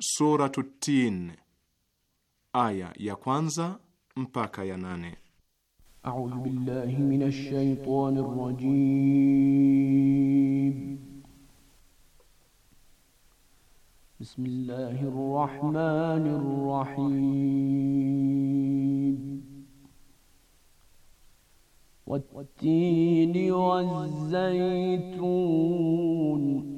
Suratut Tin, aya ya kwanza mpaka ya nane. A'udhu billahi minash shaitani rrajim. Bismillahir rahmanir rahim. Wat-tini waz-zaytun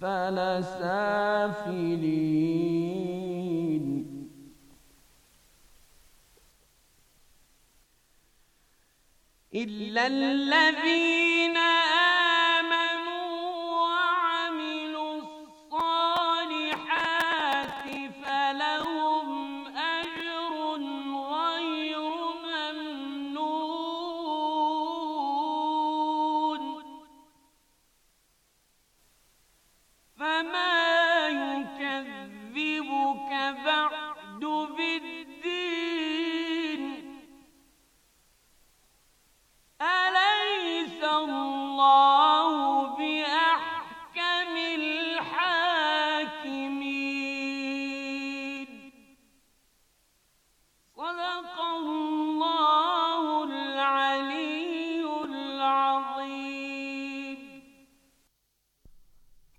فلسافلين إلا الذين آمنوا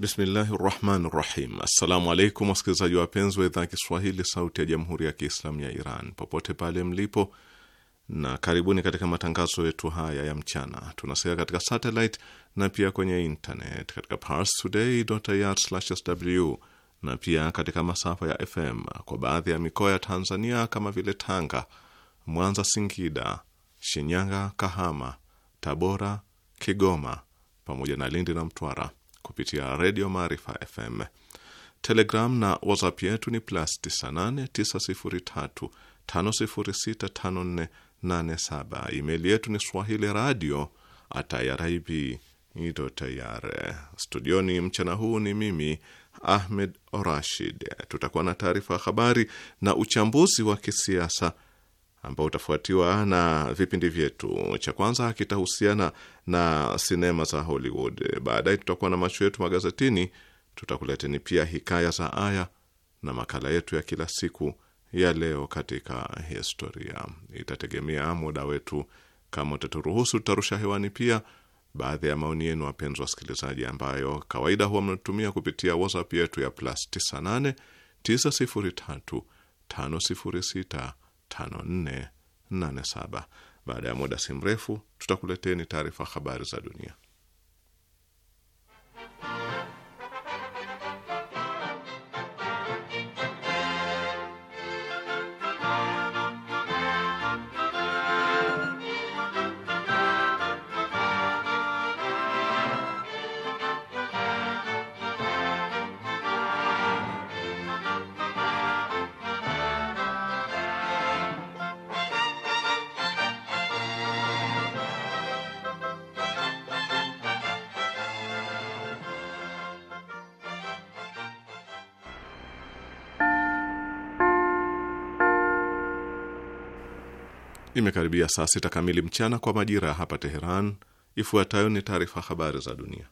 Bismillahi rahmani rahim. Assalamu alaikum wasikilizaji wapenzi wa idhaa ya Kiswahili sauti ya jamhuri ya Kiislamu ya Iran popote pale mlipo, na karibuni katika matangazo yetu haya ya mchana. Tunasikia katika satellite na pia kwenye internet katika parstoday.ir/sw na pia katika masafa ya FM kwa baadhi ya mikoa ya Tanzania kama vile Tanga, Mwanza, Singida, Shinyanga, Kahama, Tabora, Kigoma pamoja na Lindi na Mtwara kupitia redio Maarifa FM. Telegram na WhatsApp yetu ni plus 989035065487. Email yetu ni swahili radio atayaraibi ito Studioni mchana huu ni mimi Ahmed Rashid. Tutakuwa na taarifa ya habari na uchambuzi wa kisiasa ambao utafuatiwa na vipindi vyetu. Cha kwanza kitahusiana na sinema za Hollywood. Baadaye tutakuwa na macho yetu magazetini, tutakuleteni pia hikaya za aya na makala yetu ya kila siku ya leo katika historia. Itategemea muda wetu, kama utaturuhusu tutarusha hewani pia baadhi ya maoni yenu, wapenzi wasikilizaji, ambayo kawaida huwa mnatumia kupitia WhatsApp yetu ya plus 98 903 506 5487. Baada ya muda si mrefu, tutakuleteni taarifa habari za dunia. Imekaribia saa sita kamili mchana kwa majira ya hapa Teheran. Ifuatayo ni taarifa habari za dunia.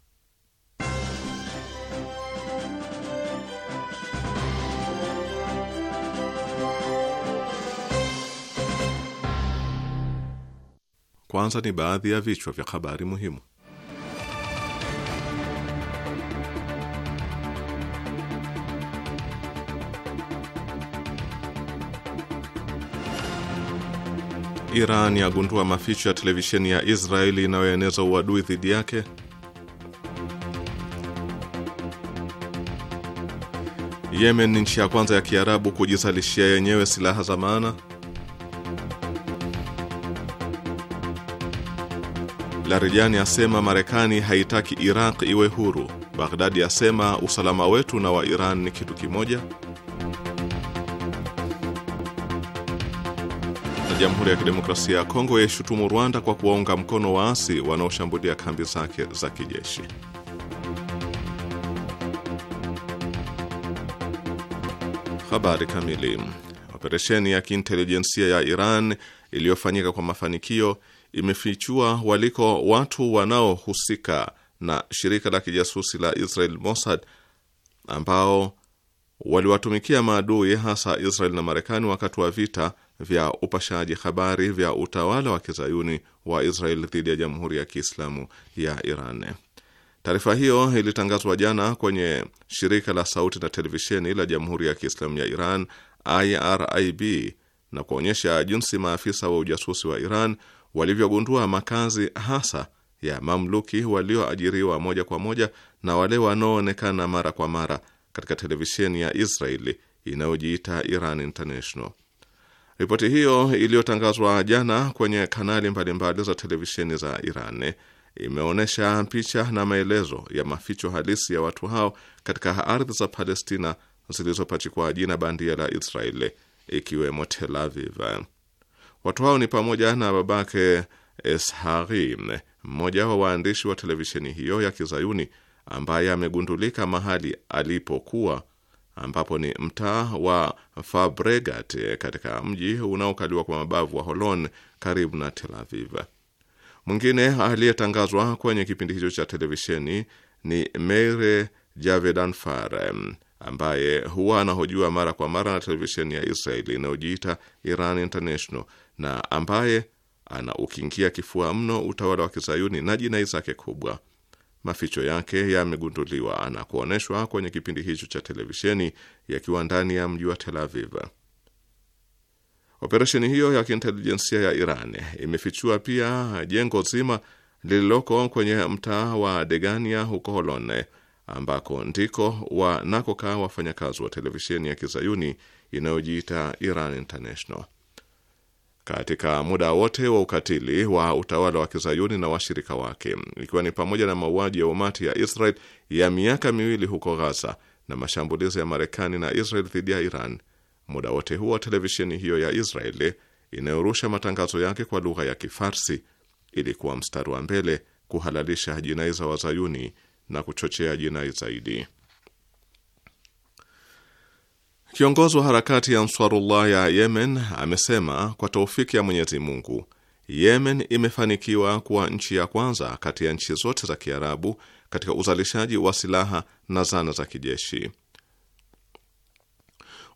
Kwanza ni baadhi ya vichwa vya habari muhimu. Iran yagundua maficho ya televisheni ya Israeli inayoeneza uadui dhidi yake. Yemen ni nchi ya kwanza ya Kiarabu kujizalishia yenyewe silaha za maana. Larijani asema Marekani haitaki Iraq iwe huru. Baghdadi asema usalama wetu na wa Iran ni kitu kimoja. Jamhuri ya Kidemokrasia ya Kongo yaishutumu Rwanda kwa kuwaunga mkono waasi wanaoshambulia kambi zake za kijeshi. Habari kamili. Operesheni ya kiintelijensia ya Iran iliyofanyika kwa mafanikio imefichua waliko watu wanaohusika na shirika la kijasusi la Israel Mossad ambao waliwatumikia maadui hasa Israel na Marekani wakati wa vita vya upashaji habari vya utawala wa kizayuni wa Israel dhidi ya Jamhuri ya Kiislamu ya Iran. Taarifa hiyo ilitangazwa jana kwenye shirika la sauti na televisheni la Jamhuri ya Kiislamu ya Iran IRIB na kuonyesha jinsi maafisa wa ujasusi wa Iran walivyogundua makazi hasa ya mamluki walioajiriwa moja kwa moja na wale wanaoonekana mara kwa mara katika televisheni ya Israeli inayojiita Iran International. Ripoti hiyo iliyotangazwa jana kwenye kanali mbalimbali za televisheni za Iran imeonyesha picha na maelezo ya maficho halisi ya watu hao katika ardhi za Palestina zilizopachikwa jina bandia la Israeli ikiwemo Tel Aviv. Watu hao ni pamoja na babake Eshari, mmoja wa waandishi wa televisheni hiyo ya Kizayuni ambaye amegundulika mahali alipokuwa ambapo ni mtaa wa Fabregat eh, katika mji unaokaliwa kwa mabavu wa Holon karibu na Tel Aviv. Mwingine aliyetangazwa kwenye kipindi hicho cha televisheni ni Meire Javedanfar ambaye huwa anahojiwa mara kwa mara na televisheni ya Israeli inayojiita Iran International na ambaye ana ukingia kifua mno utawala wa kizayuni na jinai zake kubwa maficho yake yamegunduliwa na kuonyeshwa kwenye kipindi hicho cha televisheni yakiwa ndani ya mji wa Tel Aviv. Operesheni hiyo ya kiintelijensia ya Iran imefichua pia jengo zima lililoko kwenye mtaa wa Degania huko Holone, ambako ndiko wanakokaa wafanyakazi wa televisheni ya kizayuni inayojiita Iran International katika muda wote wa ukatili wa utawala wa kizayuni na washirika wake, ikiwa ni pamoja na mauaji ya umati ya Israel ya miaka miwili huko Ghaza na mashambulizi ya Marekani na Israel dhidi ya Iran. Muda wote huo televisheni hiyo ya Israeli inayorusha matangazo yake kwa lugha ya Kifarsi ilikuwa mstari wa mbele kuhalalisha jinai za wazayuni na kuchochea jinai zaidi. Kiongozi wa harakati ya Ansarullah ya Yemen amesema kwa taufiki ya Mwenyezi Mungu, Yemen imefanikiwa kuwa nchi ya kwanza kati ya nchi zote za Kiarabu katika uzalishaji wa silaha na zana za kijeshi.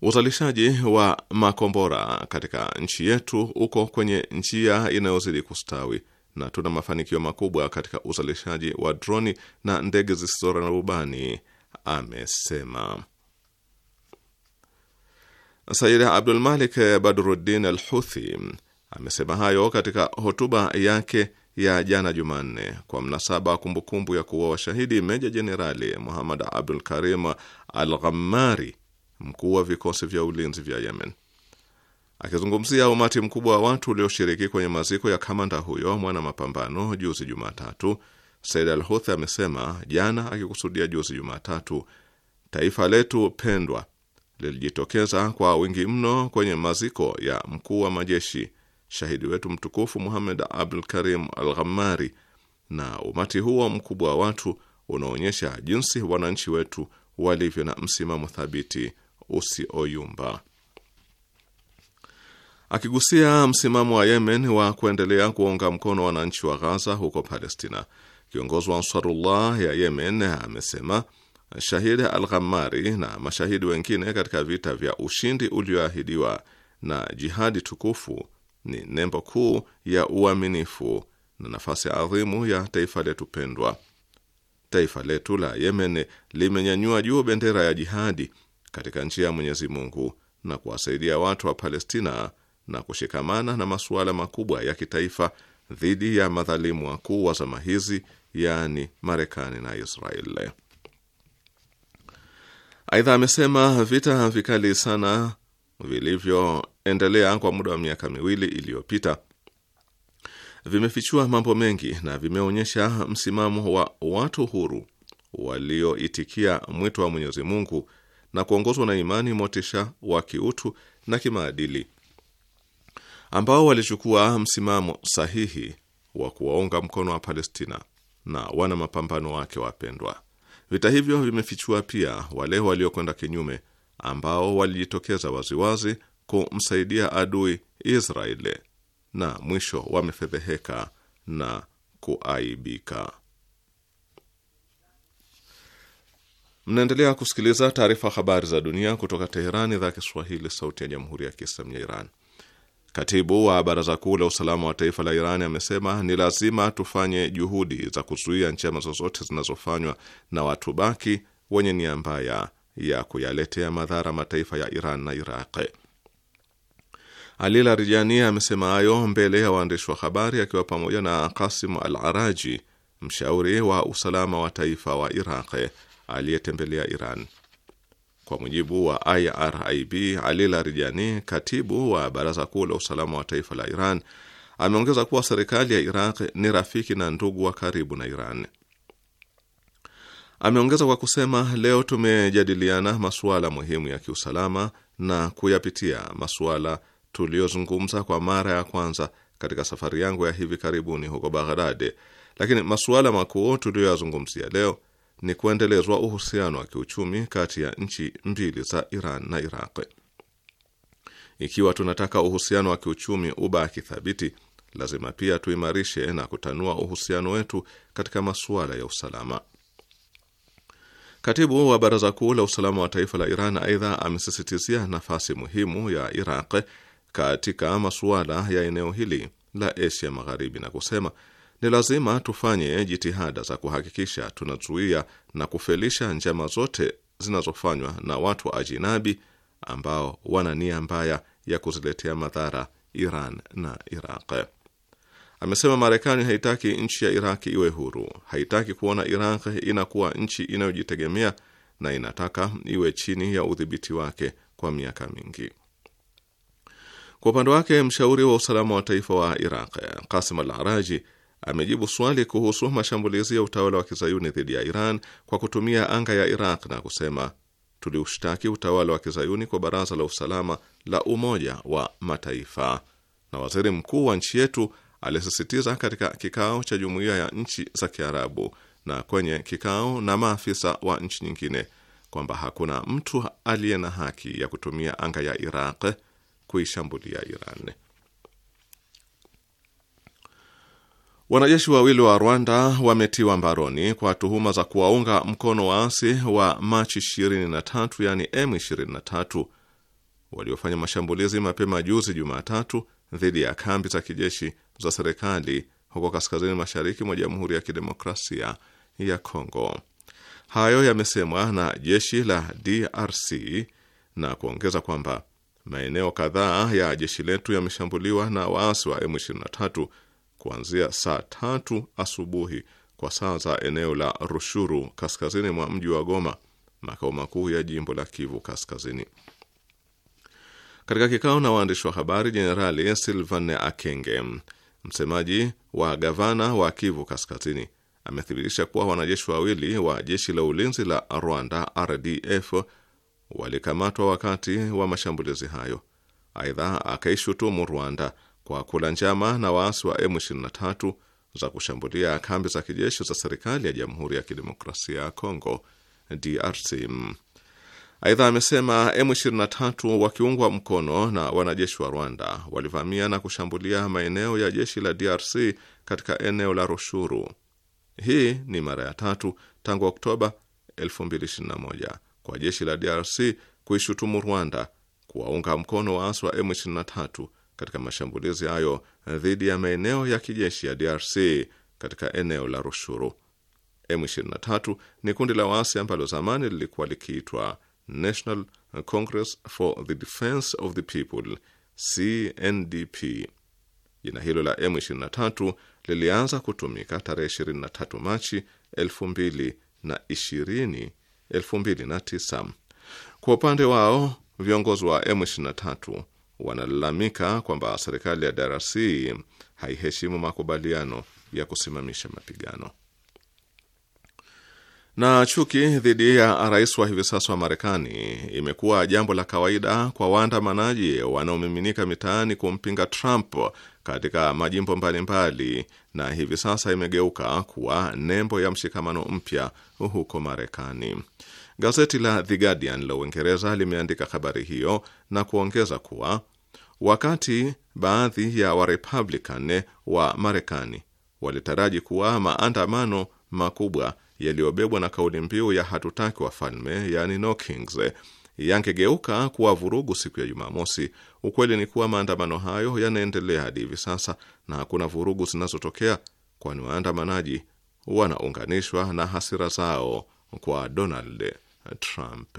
Uzalishaji wa makombora katika nchi yetu uko kwenye njia inayozidi kustawi na tuna mafanikio makubwa katika uzalishaji wa droni na ndege zisizo na rubani, amesema. Abdul Abdulmalik Badruddin al Huthi amesema hayo katika hotuba yake ya jana Jumanne kwa mnasaba wa kumbukumbu ya kuwa washahidi Meja Jenerali Muhammad Abdul Karim al Ghammari, mkuu wa vikosi vya ulinzi vya Yemen. Akizungumzia umati mkubwa wa watu ulioshiriki kwenye maziko ya kamanda huyo mwana mapambano juzi Jumatatu, Said al Huthi amesema jana, akikusudia juzi Jumatatu, taifa letu pendwa lilijitokeza kwa wingi mno kwenye maziko ya mkuu wa majeshi shahidi wetu mtukufu Muhammad Abdul Karim Al ghamari na umati huo mkubwa wa watu unaonyesha jinsi wananchi wetu walivyo na msimamo thabiti usioyumba. Akigusia msimamo wa Yemen wa kuendelea kuunga mkono wananchi wa Ghaza huko Palestina, kiongozi wa Ansarullah ya Yemen amesema Shahid al Ghamari na mashahidi wengine katika vita vya ushindi ulioahidiwa na jihadi tukufu ni nembo kuu ya uaminifu na nafasi adhimu ya taifa letu pendwa. Taifa letu la Yemen limenyanyua juu bendera ya jihadi katika njia ya Mwenyezi Mungu na kuwasaidia watu wa Palestina na kushikamana na masuala makubwa ya kitaifa dhidi ya madhalimu wakuu wa zama hizi, yaani Marekani na Israeli. Aidha amesema vita vikali sana vilivyoendelea kwa muda wa miaka miwili iliyopita vimefichua mambo mengi na vimeonyesha msimamo wa watu huru walioitikia mwito wa Mwenyezi Mungu na kuongozwa na imani motisha wa kiutu na kimaadili ambao walichukua msimamo sahihi wa kuwaunga mkono wa Palestina na wana mapambano wake wapendwa. Vita hivyo vimefichua pia wale waliokwenda kinyume ambao walijitokeza waziwazi kumsaidia adui Israeli na mwisho wamefedheheka na kuaibika. Mnaendelea kusikiliza taarifa habari za dunia kutoka Teherani, idhaa ya Kiswahili, sauti ya jamhuri ya kiislamu ya Iran. Katibu wa Baraza Kuu la Usalama wa Taifa la Iran amesema ni lazima tufanye juhudi za kuzuia njama zozote zinazofanywa na watu baki wenye nia mbaya ya kuyaletea madhara mataifa ya Iran na Iraq. Ali Larijani amesema hayo mbele ya waandishi wa habari akiwa pamoja na Kasim Al Araji, mshauri wa usalama wa taifa wa Iraq aliyetembelea Iran. Kwa mujibu wa IRIB, Ali Larijani, katibu wa baraza kuu la usalama wa taifa la Iran, ameongeza kuwa serikali ya Iraq ni rafiki na ndugu wa karibu na Iran. Ameongeza kwa kusema, leo tumejadiliana masuala muhimu ya kiusalama na kuyapitia masuala tuliyozungumza kwa mara ya kwanza katika safari yangu ya hivi karibuni huko Baghdad, lakini masuala makuu tuliyoyazungumzia leo ni kuendelezwa uhusiano wa kiuchumi kati ya nchi mbili za Iran na Iraq. Ikiwa tunataka uhusiano wa kiuchumi ubaki thabiti, lazima pia tuimarishe na kutanua uhusiano wetu katika masuala ya usalama. Katibu wa Baraza Kuu la Usalama wa Taifa la Iran aidha amesisitizia nafasi muhimu ya Iraq katika masuala ya eneo hili la Asia Magharibi na kusema ni lazima tufanye jitihada za kuhakikisha tunazuia na kufelisha njama zote zinazofanywa na watu wa ajinabi ambao wana nia mbaya ya kuziletea madhara Iran na Iraq. Amesema Marekani haitaki nchi ya Iraki iwe huru, haitaki kuona Iraq inakuwa nchi inayojitegemea na inataka iwe chini ya udhibiti wake kwa miaka mingi. Kwa upande wake, mshauri wa usalama wa taifa wa Iraq Qasim al-Araji amejibu swali kuhusu mashambulizi ya utawala wa kizayuni dhidi ya Iran kwa kutumia anga ya Iraq na kusema, tuliushtaki utawala wa kizayuni kwa Baraza la Usalama la Umoja wa Mataifa, na waziri mkuu wa nchi yetu alisisitiza katika kikao cha Jumuiya ya Nchi za Kiarabu na kwenye kikao na maafisa wa nchi nyingine kwamba hakuna mtu aliye na haki ya kutumia anga ya Iraq kuishambulia Iran. Wanajeshi wawili wa Rwanda wametiwa mbaroni kwa tuhuma za kuwaunga mkono waasi wa Machi 23 yani M23 waliofanya mashambulizi mapema juzi Jumatatu dhidi ya kambi za kijeshi za serikali huko kaskazini mashariki mwa Jamhuri ya Kidemokrasia ya Kongo. Hayo yamesemwa na jeshi la DRC na kuongeza kwamba maeneo kadhaa ya jeshi letu yameshambuliwa na waasi wa M23 kuanzia saa tatu asubuhi kwa saa za eneo la Rushuru, kaskazini mwa mji wa Goma, makao makuu ya jimbo la Kivu Kaskazini. Katika kikao na waandishi wa habari, Jenerali Silvane Akenge, msemaji wa gavana wa Kivu Kaskazini, amethibitisha kuwa wanajeshi wawili wa jeshi la ulinzi la Rwanda, RDF, walikamatwa wakati wa mashambulizi hayo. Aidha, akaishutumu Rwanda kwa kula njama na waasi wa M23 za kushambulia kambi za kijeshi za serikali ya Jamhuri ya Kidemokrasia ya Kongo DRC. Aidha, amesema M23 wakiungwa mkono na wanajeshi wa Rwanda walivamia na kushambulia maeneo ya jeshi la DRC katika eneo la Rushuru. Hii ni mara ya tatu tangu Oktoba 2021 kwa jeshi la DRC kuishutumu Rwanda kuwaunga mkono waasi wa M23 katika mashambulizi hayo dhidi ya maeneo ya kijeshi ya DRC katika eneo la Rushuru. M23 ni kundi la waasi ambalo zamani lilikuwa likiitwa National Congress for the Defense of the People, CNDP. Jina hilo la M23 lilianza kutumika tarehe 23 Machi 2020, 2009. Kwa upande wao viongozi wa M23 wanalalamika kwamba serikali ya DRC haiheshimu makubaliano ya kusimamisha mapigano. Na chuki dhidi ya rais wa hivi sasa wa Marekani imekuwa jambo la kawaida kwa waandamanaji wanaomiminika mitaani kumpinga Trump katika majimbo mbalimbali na hivi sasa imegeuka kuwa nembo ya mshikamano mpya huko Marekani. Gazeti la The Guardian la Uingereza limeandika habari hiyo na kuongeza kuwa wakati baadhi ya Warepublican wa Marekani walitaraji kuwa maandamano makubwa yaliyobebwa na kauli mbiu ya hatutaki wafalme, yani no kings yangegeuka kuwa vurugu siku ya Jumamosi. Ukweli ni kuwa maandamano hayo yanaendelea hadi hivi sasa na hakuna vurugu zinazotokea, kwani waandamanaji wanaunganishwa na hasira zao kwa Donald Trump.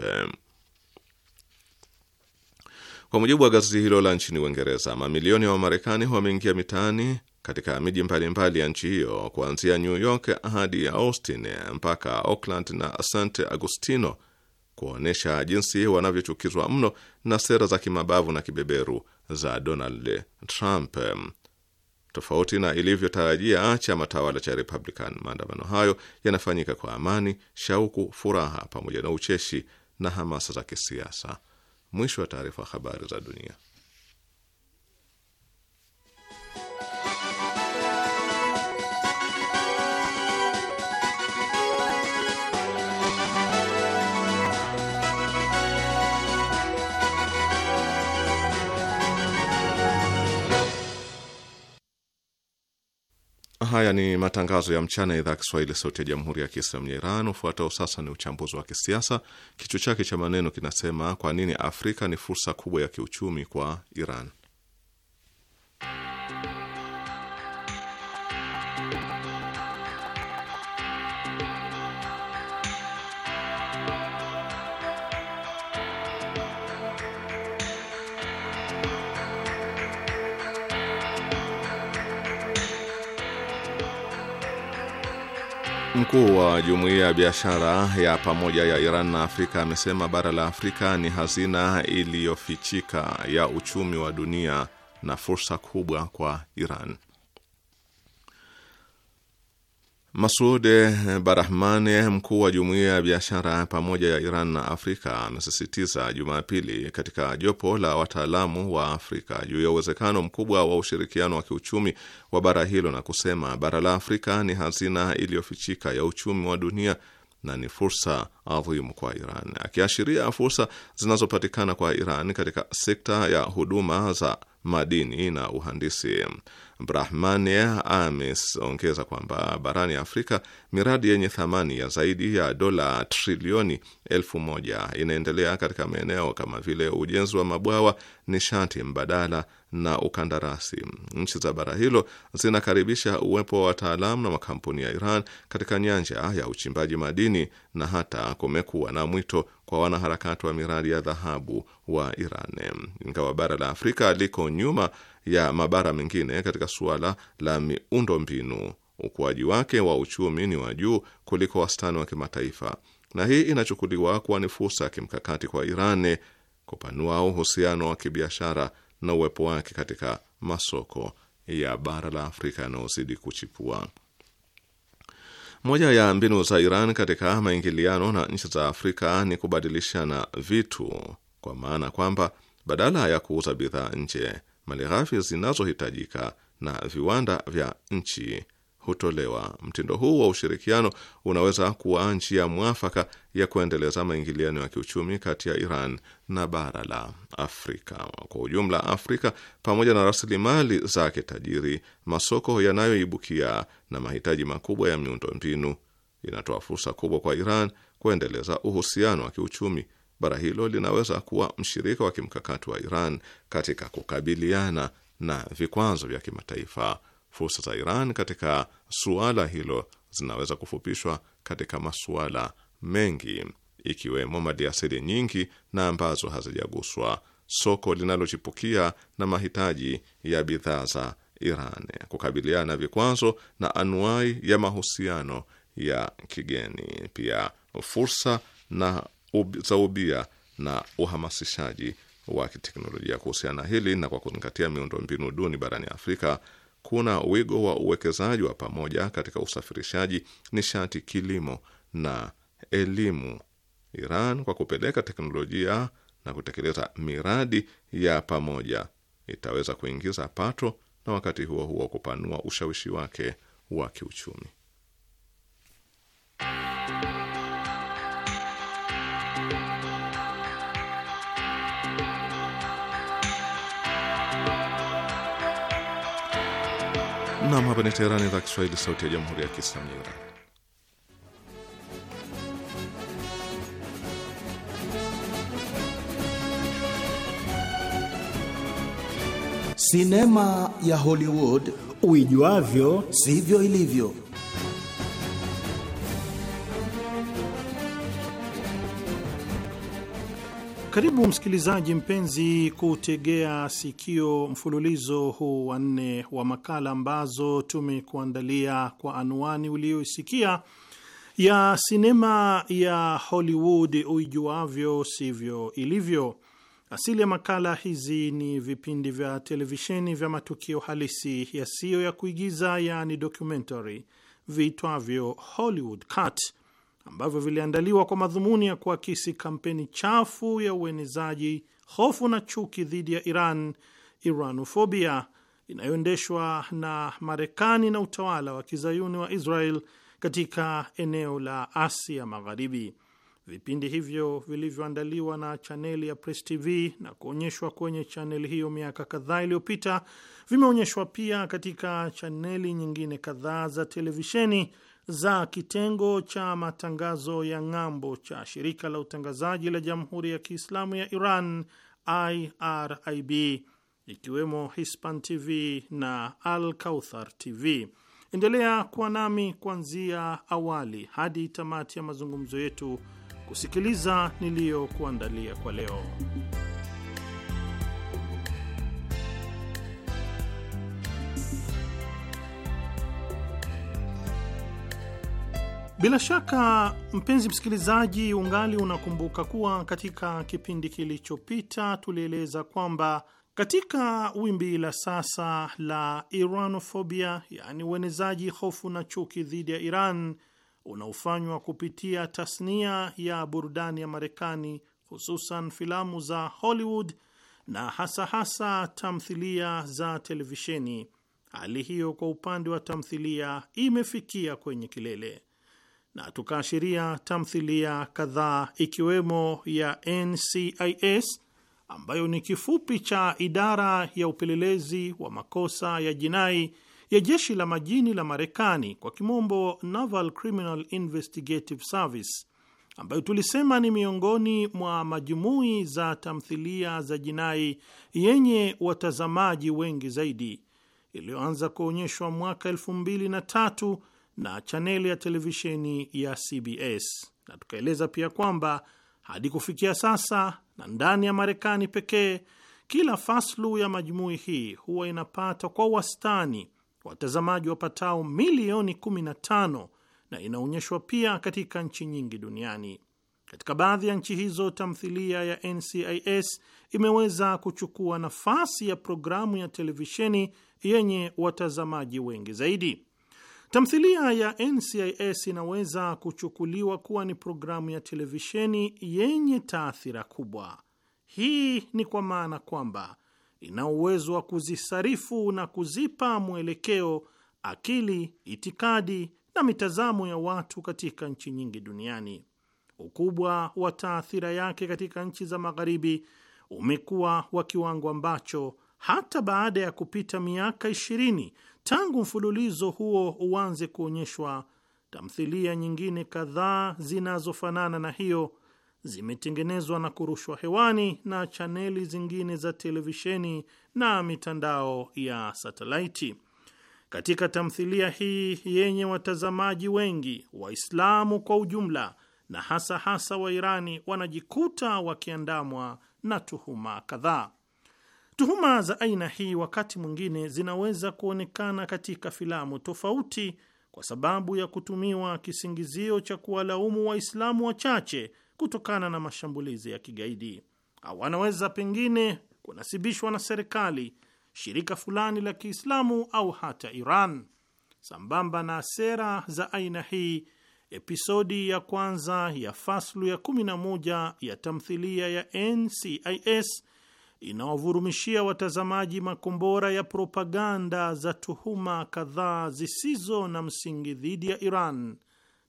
Kwa mujibu wa gazeti hilo la nchini Uingereza, mamilioni ya Wamarekani wameingia mitaani katika miji mbalimbali ya nchi hiyo kuanzia New York hadi Austin mpaka Oakland na St Agustino kuonyesha jinsi wanavyochukizwa mno na sera za kimabavu na kibeberu za Donald Trump. Tofauti na ilivyotarajia chama tawala cha Republican, maandamano hayo yanafanyika kwa amani, shauku, furaha pamoja na ucheshi na hamasa za kisiasa. Mwisho wa taarifa. Habari za dunia. Haya ni matangazo ya mchana ya idhaa Kiswahili, sauti ya jamhuri ya kiislamu ya Iran. Ufuatao sasa ni uchambuzi wa kisiasa, kichwa chake cha maneno kinasema: kwa nini Afrika ni fursa kubwa ya kiuchumi kwa Iran? Mkuu wa jumuiya ya biashara ya pamoja ya Iran na Afrika amesema bara la Afrika ni hazina iliyofichika ya uchumi wa dunia na fursa kubwa kwa Iran. Masud eh, Barahman, eh, mkuu wa jumuiya ya biashara pamoja ya Iran na Afrika, amesisitiza Jumapili katika jopo la wataalamu wa Afrika juu ya uwezekano mkubwa wa ushirikiano wa kiuchumi wa bara hilo na kusema bara la Afrika ni hazina iliyofichika ya uchumi wa dunia na ni fursa adhimu kwa Iran, akiashiria fursa zinazopatikana kwa Iran katika sekta ya huduma za madini na uhandisi. Brahmania ameongeza kwamba barani Afrika miradi yenye thamani ya zaidi ya dola trilioni elfu moja inaendelea katika maeneo kama vile ujenzi wa mabwawa, nishati mbadala na ukandarasi. Nchi za bara hilo zinakaribisha uwepo wa wataalamu na makampuni ya Iran katika nyanja ya uchimbaji madini, na hata kumekuwa na mwito kwa wanaharakati wa miradi ya dhahabu wa Iran. Ingawa bara la Afrika liko nyuma ya mabara mengine katika suala la miundo mbinu. Ukuaji wake wa uchumi ni wa juu kuliko wastani wa kimataifa, na hii inachukuliwa kuwa ni fursa ya kimkakati kwa Iran kupanua uhusiano wa kibiashara na uwepo wake katika masoko ya bara la Afrika yanayozidi kuchipua. Moja ya mbinu za Iran katika maingiliano na nchi za Afrika ni kubadilishana vitu, kwa maana kwamba badala ya kuuza bidhaa nje malighafi zinazohitajika na viwanda vya nchi hutolewa. Mtindo huu wa ushirikiano unaweza kuwa njia mwafaka ya kuendeleza maingiliano ya kiuchumi kati ya Iran na bara la Afrika kwa ujumla. Afrika pamoja na rasilimali zake tajiri, masoko yanayoibukia na mahitaji makubwa ya miundombinu, inatoa fursa kubwa kwa Iran kuendeleza uhusiano wa kiuchumi bara hilo linaweza kuwa mshirika wa kimkakati wa Iran katika kukabiliana na vikwazo vya kimataifa. Fursa za Iran katika suala hilo zinaweza kufupishwa katika masuala mengi, ikiwemo maliasili nyingi na ambazo hazijaguswa, soko linalochipukia na mahitaji ya bidhaa za Iran, kukabiliana na vikwazo na anuai ya mahusiano ya kigeni, pia fursa na za ubia na uhamasishaji wa kiteknolojia. Kuhusiana na hili na kwa kuzingatia miundombinu duni barani Afrika, kuna wigo wa uwekezaji wa pamoja katika usafirishaji, nishati, kilimo na elimu. Iran kwa kupeleka teknolojia na kutekeleza miradi ya pamoja itaweza kuingiza pato na wakati huo huo kupanua ushawishi wake wa kiuchumi. Nam, hapa ni Teherani, idhaa Kiswahili, sauti ya jamhuri ya kiislamu ya Iran. Sinema ya Hollywood uijuavyo sivyo ilivyo. Karibu msikilizaji mpenzi kutegea sikio mfululizo huu wa nne wa makala ambazo tumekuandalia kwa anwani uliyoisikia ya sinema ya Hollywood uijuavyo sivyo ilivyo. Asili ya makala hizi ni vipindi vya televisheni vya matukio halisi yasiyo ya kuigiza, yaani documentary, viitwavyo Hollywood Cut ambavyo viliandaliwa kwa madhumuni ya kuakisi kampeni chafu ya uenezaji hofu na chuki dhidi ya Iran, Iranofobia, inayoendeshwa na Marekani na utawala wa kizayuni wa Israel katika eneo la Asia Magharibi. Vipindi hivyo vilivyoandaliwa na chaneli ya Press TV na kuonyeshwa kwenye chaneli hiyo miaka kadhaa iliyopita vimeonyeshwa pia katika chaneli nyingine kadhaa za televisheni za kitengo cha matangazo ya ng'ambo cha shirika la utangazaji la Jamhuri ya Kiislamu ya Iran IRIB ikiwemo Hispan TV na Al Kauthar TV. Endelea kuwa nami kuanzia awali hadi tamati ya mazungumzo yetu kusikiliza niliyokuandalia kwa leo. Bila shaka mpenzi msikilizaji, ungali unakumbuka kuwa katika kipindi kilichopita tulieleza kwamba katika wimbi la sasa la Iranophobia, yaani uenezaji hofu na chuki dhidi ya Iran unaofanywa kupitia tasnia ya burudani ya Marekani, hususan filamu za Hollywood na hasa hasa tamthilia za televisheni, hali hiyo kwa upande wa tamthilia imefikia kwenye kilele na tukaashiria tamthilia kadhaa ikiwemo ya NCIS ambayo ni kifupi cha idara ya upelelezi wa makosa ya jinai ya jeshi la majini la Marekani, kwa kimombo Naval Criminal Investigative Service, ambayo tulisema ni miongoni mwa majumui za tamthilia za jinai yenye watazamaji wengi zaidi iliyoanza kuonyeshwa mwaka elfu mbili na tatu na chaneli ya televisheni ya CBS, na tukaeleza pia kwamba hadi kufikia sasa na ndani ya Marekani pekee, kila faslu ya majumui hii huwa inapata kwa wastani watazamaji wapatao milioni 15 na inaonyeshwa pia katika nchi nyingi duniani. Katika baadhi ya nchi hizo tamthilia ya NCIS imeweza kuchukua nafasi ya programu ya televisheni yenye watazamaji wengi zaidi. Tamthilia ya NCIS inaweza kuchukuliwa kuwa ni programu ya televisheni yenye taathira kubwa. Hii ni kwa maana kwamba ina uwezo wa kuzisarifu na kuzipa mwelekeo akili, itikadi na mitazamo ya watu katika nchi nyingi duniani. Ukubwa wa taathira yake katika nchi za Magharibi umekuwa wa kiwango ambacho hata baada ya kupita miaka ishirini Tangu mfululizo huo uanze kuonyeshwa, tamthilia nyingine kadhaa zinazofanana na hiyo zimetengenezwa na kurushwa hewani na chaneli zingine za televisheni na mitandao ya satelaiti. Katika tamthilia hii yenye watazamaji wengi, Waislamu kwa ujumla na hasa hasa Wairani wanajikuta wakiandamwa na tuhuma kadhaa. Tuhuma za aina hii wakati mwingine zinaweza kuonekana katika filamu tofauti kwa sababu ya kutumiwa kisingizio cha kuwalaumu Waislamu wachache kutokana na mashambulizi ya kigaidi, au anaweza pengine kunasibishwa na serikali, shirika fulani la Kiislamu au hata Iran. Sambamba na sera za aina hii, episodi ya kwanza ya faslu ya 11 ya tamthilia ya NCIS inawavurumishia watazamaji makombora ya propaganda za tuhuma kadhaa zisizo na msingi dhidi ya Iran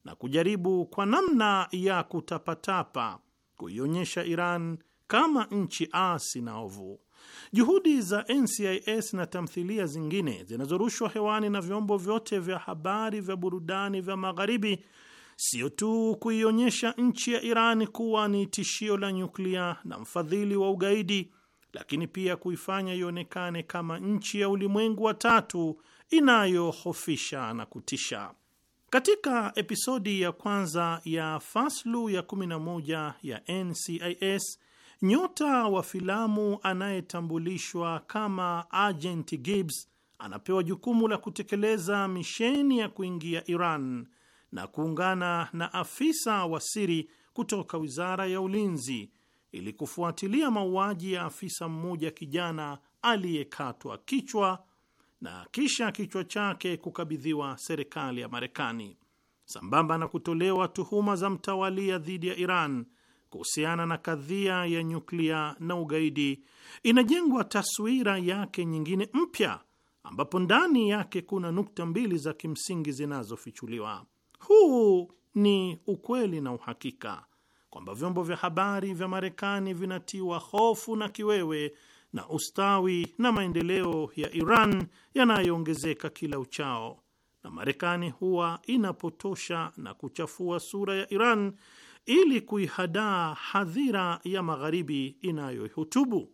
na kujaribu kwa namna ya kutapatapa kuionyesha Iran kama nchi asi na ovu. Juhudi za NCIS na tamthilia zingine zinazorushwa hewani na vyombo vyote vya habari vya burudani vya Magharibi sio tu kuionyesha nchi ya Iran kuwa ni tishio la nyuklia na mfadhili wa ugaidi lakini pia kuifanya ionekane kama nchi ya ulimwengu wa tatu inayohofisha na kutisha. Katika episodi ya kwanza ya faslu ya 11 ya NCIS, nyota wa filamu anayetambulishwa kama Agent Gibbs anapewa jukumu la kutekeleza misheni ya kuingia Iran na kuungana na afisa wa siri kutoka wizara ya ulinzi ili kufuatilia mauaji ya afisa mmoja kijana aliyekatwa kichwa na kisha kichwa chake kukabidhiwa serikali ya Marekani, sambamba na kutolewa tuhuma za mtawalia dhidi ya Iran kuhusiana na kadhia ya nyuklia na ugaidi, inajengwa taswira yake nyingine mpya, ambapo ndani yake kuna nukta mbili za kimsingi zinazofichuliwa. Huu ni ukweli na uhakika kwamba vyombo vya habari vya Marekani vinatiwa hofu na kiwewe na ustawi na maendeleo ya Iran yanayoongezeka kila uchao, na Marekani huwa inapotosha na kuchafua sura ya Iran ili kuihadaa hadhira ya magharibi inayoihutubu.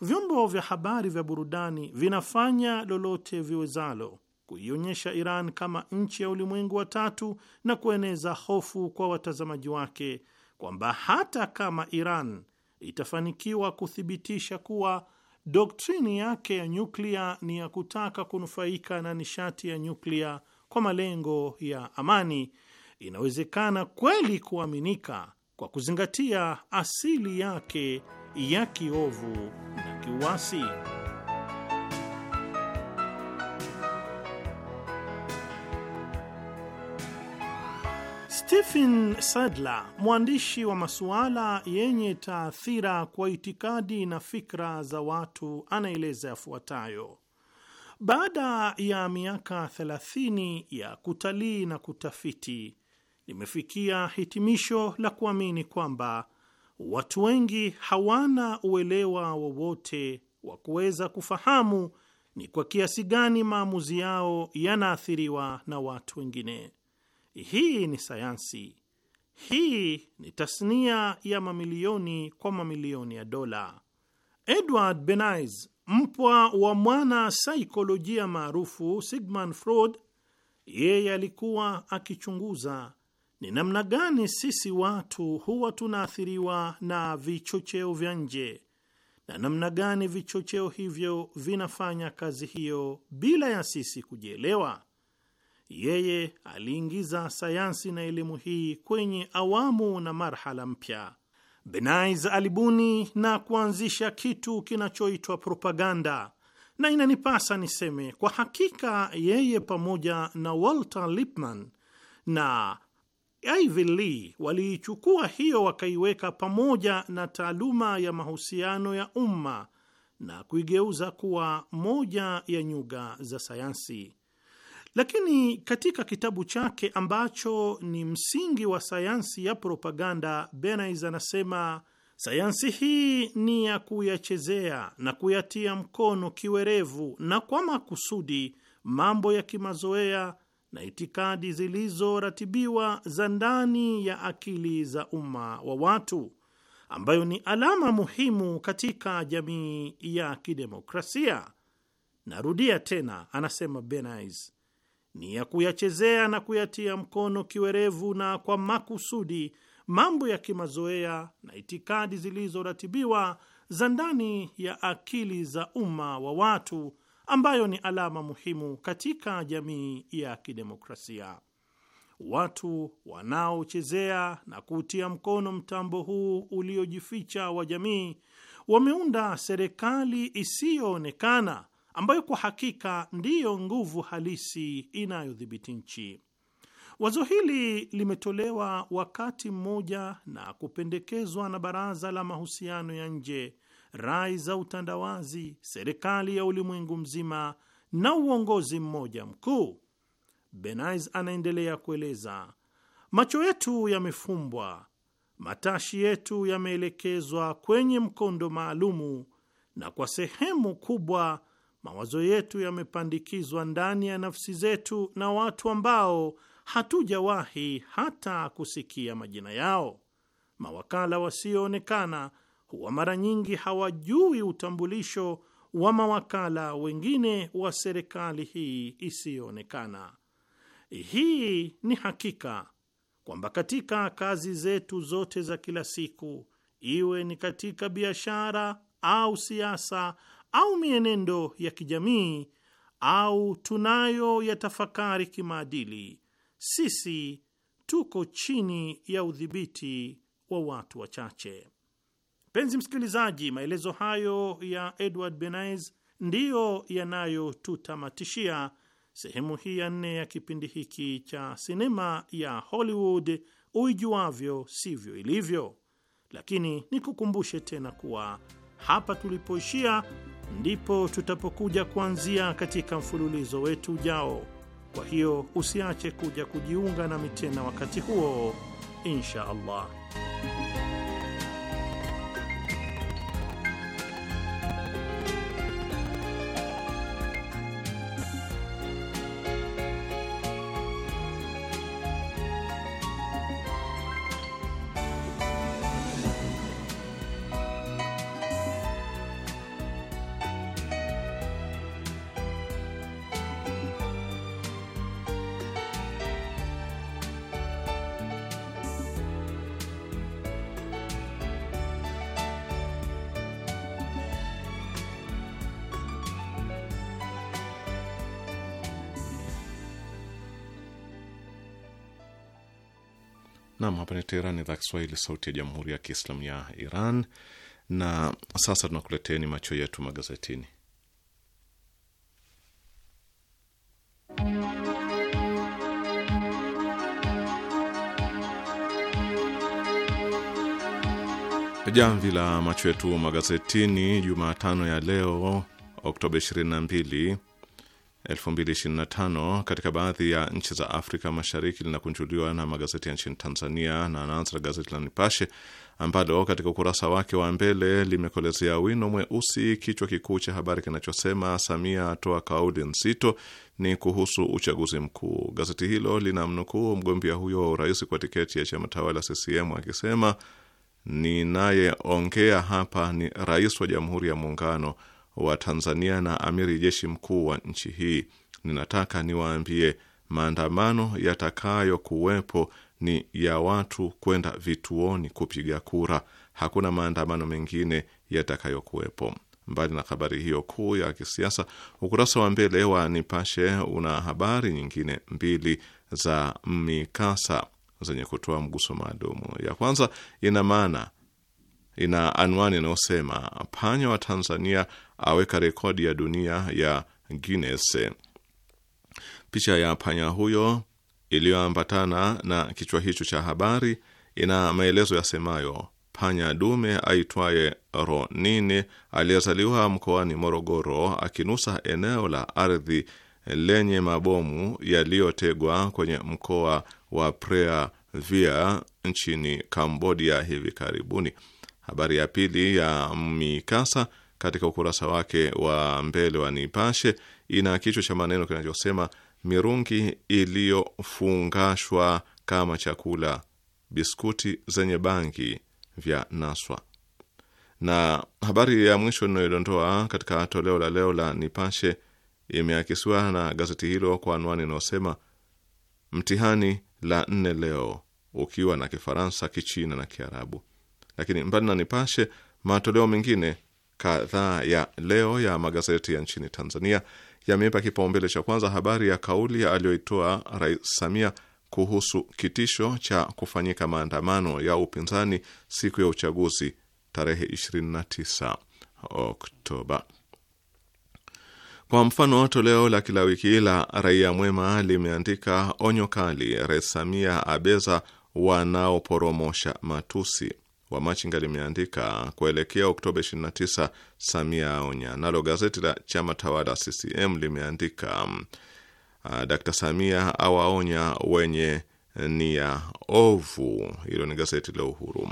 Vyombo vya habari vya burudani vinafanya lolote viwezalo kuionyesha Iran kama nchi ya ulimwengu wa tatu na kueneza hofu kwa watazamaji wake kwamba hata kama Iran itafanikiwa kuthibitisha kuwa doktrini yake ya nyuklia ni ya kutaka kunufaika na nishati ya nyuklia kwa malengo ya amani, inawezekana kweli kuaminika kwa kuzingatia asili yake ya kiovu na kiuasi. Stephen Sadler, mwandishi wa masuala yenye taathira kwa itikadi na fikra za watu, anaeleza yafuatayo: baada ya miaka 30 ya kutalii na kutafiti, nimefikia hitimisho la kuamini kwamba watu wengi hawana uelewa wowote wa kuweza kufahamu ni kwa kiasi gani maamuzi yao yanaathiriwa na watu wengine. Hii ni sayansi, hii ni tasnia ya mamilioni kwa mamilioni ya dola. Edward Bernays, mpwa wa mwana saikolojia maarufu Sigmund Freud, yeye alikuwa akichunguza ni namna gani sisi watu huwa tunaathiriwa na vichocheo vya nje na namna gani vichocheo hivyo vinafanya kazi hiyo bila ya sisi kujielewa. Yeye aliingiza sayansi na elimu hii kwenye awamu na marhala mpya. Bernays alibuni na kuanzisha kitu kinachoitwa propaganda, na inanipasa niseme kwa hakika yeye pamoja na Walter Lippmann na Ivy Lee waliichukua hiyo wakaiweka pamoja na taaluma ya mahusiano ya umma na kuigeuza kuwa moja ya nyuga za sayansi. Lakini katika kitabu chake ambacho ni msingi wa sayansi ya propaganda, benis anasema sayansi hii ni ya kuyachezea na kuyatia mkono kiwerevu na kwa makusudi mambo ya kimazoea na itikadi zilizoratibiwa za ndani ya akili za umma wa watu, ambayo ni alama muhimu katika jamii ya kidemokrasia. Narudia tena, anasema benis ni ya kuyachezea na kuyatia mkono kiwerevu na kwa makusudi mambo ya kimazoea na itikadi zilizoratibiwa za ndani ya akili za umma wa watu ambayo ni alama muhimu katika jamii ya kidemokrasia. Watu wanaochezea na kuutia mkono mtambo huu uliojificha wa jamii wameunda serikali isiyoonekana ambayo kwa hakika ndiyo nguvu halisi inayodhibiti nchi. Wazo hili limetolewa wakati mmoja na kupendekezwa na Baraza la Mahusiano ya Nje, rai za utandawazi, serikali ya ulimwengu mzima na uongozi mmoja mkuu. Benais anaendelea kueleza, macho yetu yamefumbwa, matashi yetu yameelekezwa kwenye mkondo maalumu, na kwa sehemu kubwa mawazo yetu yamepandikizwa ndani ya nafsi zetu na watu ambao hatujawahi hata kusikia majina yao. Mawakala wasioonekana huwa mara nyingi hawajui utambulisho wa mawakala wengine wa serikali hii isiyoonekana. Hii ni hakika kwamba katika kazi zetu zote za kila siku, iwe ni katika biashara au siasa au mienendo ya kijamii au tunayo tafakari kimaadili, sisi tuko chini ya udhibiti wa watu wachache. Mpenzi msikilizaji, maelezo hayo ya Edward Bernays ndiyo yanayotutamatishia sehemu hii ya nne ya kipindi hiki cha sinema ya Hollywood uijuavyo sivyo ilivyo, lakini nikukumbushe tena kuwa hapa tulipoishia ndipo tutapokuja kuanzia katika mfululizo wetu ujao. Kwa hiyo usiache kuja kujiunga nami tena wakati huo, insha Allah. Nam, hapa ni Teheran, idhaa Kiswahili, sauti ya jamhuri ya kiislam ya Iran. Na sasa tunakuleteni macho yetu magazetini. Jamvi la macho yetu magazetini Jumatano ya leo Oktoba 22 2025 katika baadhi ya nchi za Afrika Mashariki linakunjuliwa na magazeti ya nchini Tanzania, na anaanza gazeti la Nipashe ambalo katika ukurasa wake wa mbele limekolezea wino mweusi kichwa kikuu cha habari kinachosema Samia atoa kauli nzito, ni kuhusu uchaguzi mkuu. Gazeti hilo lina mnukuu mgombea huyo wa urais kwa tiketi ya chama tawala CCM akisema, ninayeongea hapa ni rais wa Jamhuri ya Muungano wa Tanzania na amiri jeshi mkuu wa nchi hii, ninataka niwaambie maandamano yatakayokuwepo ni ya watu kwenda vituoni kupiga kura. Hakuna maandamano mengine yatakayokuwepo. Mbali na habari hiyo kuu ya kisiasa, ukurasa wa mbele wa Nipashe una habari nyingine mbili za mikasa zenye kutoa mguso maalumu. Ya kwanza ina maana ina anwani inayosema panya wa Tanzania aweka rekodi ya dunia ya Guinness. Picha ya panya huyo iliyoambatana na kichwa hicho cha habari ina maelezo yasemayo Panya dume aitwaye Ronini aliyezaliwa mkoani Morogoro akinusa eneo la ardhi lenye mabomu yaliyotegwa kwenye mkoa wa Prea Via nchini Kambodia hivi karibuni. Habari ya pili ya mikasa katika ukurasa wake wa mbele wa Nipashe ina kichwa cha maneno kinachosema mirungi iliyofungashwa kama chakula, biskuti zenye bangi vya naswa. Na habari ya mwisho inayodondoa katika toleo la leo la Nipashe imeakisiwa na gazeti hilo kwa anwani inayosema mtihani la nne leo ukiwa na Kifaransa, Kichina na Kiarabu. Lakini mbali na Nipashe, matoleo mengine kadhaa ya leo ya magazeti ya nchini Tanzania yameipa kipaumbele cha kwanza habari ya kauli aliyoitoa Rais Samia kuhusu kitisho cha kufanyika maandamano ya upinzani siku ya uchaguzi tarehe 29 Oktoba. Kwa mfano, toleo la kila wiki la Raia Mwema limeandika onyo kali, Rais Samia abeza wanaoporomosha matusi wa Machinga limeandika kuelekea Oktoba 29, Samia aonya. Nalo gazeti la chama tawala CCM limeandika uh, ah, Dr. Samia awaonya wenye nia ovu. Hilo ni gazeti la Uhuru.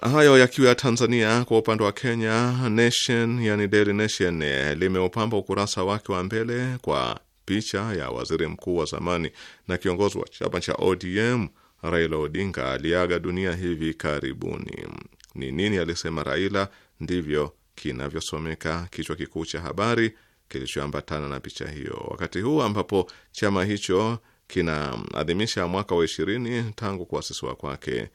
Hayo yakiwa ya Tanzania. Kwa upande wa Kenya, Nation yani Daily Nation limeupamba ukurasa wake wa mbele kwa picha ya waziri mkuu wa zamani na kiongozi wa chama cha ODM Raila Odinga aliaga dunia hivi karibuni. Ni nini alisema Raila? Ndivyo kinavyosomeka kichwa kikuu cha habari kilichoambatana na picha hiyo, wakati huu ambapo chama hicho kinaadhimisha mwaka wa ishirini tangu kuasisiwa kwake.